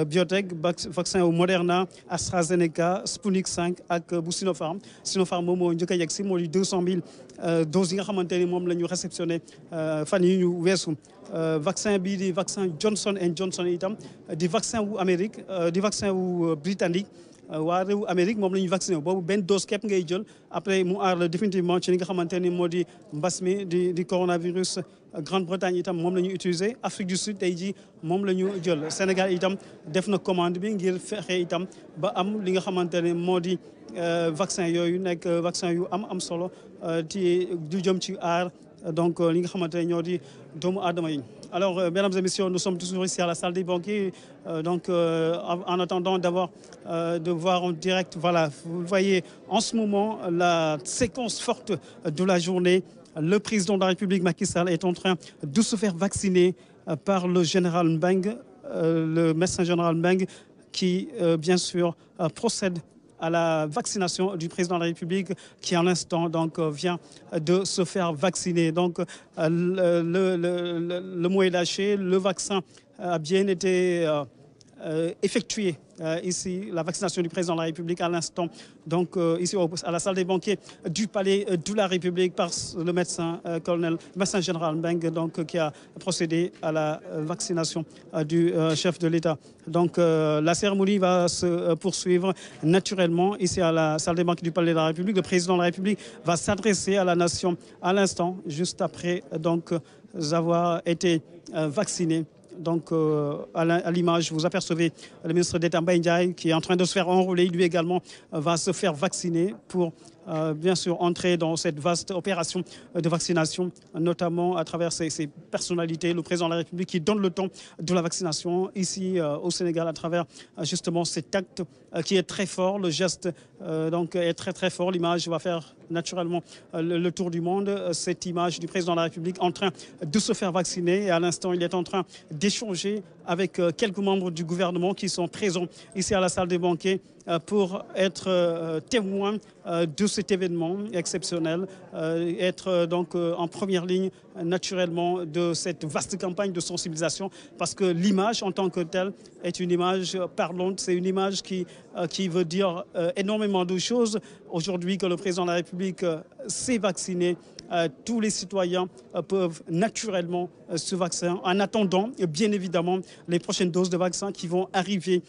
Euh, Biotech vaccin Moderna AstraZeneca Sputnik 5 et euh, Sinopharm Sinopharm 200 000 euh, doses yi nga vaccin vaccin Johnson Johnson et vaccins vaccin Amérique des euh, waa réewu Amérique moom la ñu vacciné ben dose képp ngay jël après mu définitivement ci nga xamante ni di di coronavirus euh, Grande-Bretagne itam mom lañu utilisé Afrique du Sud tay jii mom lañu jël Sénégal itam def na commande bi ngir fexé itam ba am li nga xamante modi di euh, vaccin yoyu nek vaccin yu am am solo Ti, du jëm ci aar donc euh, alors euh, mesdames et messieurs nous sommes toujours ici à la salle des banquiers euh, donc en attendant d'avoir de voir en direct voilà vous voyez en ce moment la séquence forte de la journée le président de la République Macky Sall est en train de se faire vacciner par le général Mbeng le médecin général Mbeng qui bien sûr procède à la vaccination du président de la République qui, à l'instant, donc, euh, vient de se faire vacciner. Donc, euh, le mot est lâché. Le vaccin a bien été. Euh, euh, effectué euh, ici la vaccination du président de la République à l'instant, donc euh, ici à la salle des banquiers du palais de la République par le médecin colonel, médecin général Meng, donc qui a procédé à la vaccination du chef de l'État. Donc la cérémonie va se poursuivre naturellement ici à la salle des banquiers du palais de la République. Le président de la République va s'adresser à la nation à l'instant, juste après donc avoir été vacciné donc euh, à l'image, vous apercevez le ministre d'État Ndiaye qui est en train de se faire enrôler. Lui également euh, va se faire vacciner pour euh, bien sûr entrer dans cette vaste opération euh, de vaccination, notamment à travers ces, personnalités, le président de la République qui donne le temps de la vaccination ici euh, au Sénégal à travers justement cet acte qui est très fort, le geste donc est très très fort, l'image va faire naturellement le, le, tour du monde, cette image du président de la République en train de se faire vacciner et à l'instant il est en train d'échanger avec quelques membres du gouvernement qui sont présents ici à la salle des banquets pour être témoins euh, de cet événement exceptionnel, euh, être euh, donc en première ligne naturellement de cette vaste campagne de sensibilisation parce que l'image en tant que telle est une image parlante, c'est une image qui, qui veut dire énormément de choses. Aujourd'hui que le président de la République s'est vacciné, tous les citoyens peuvent naturellement se vacciner en attendant bien évidemment les prochaines doses de vaccins qui vont arriver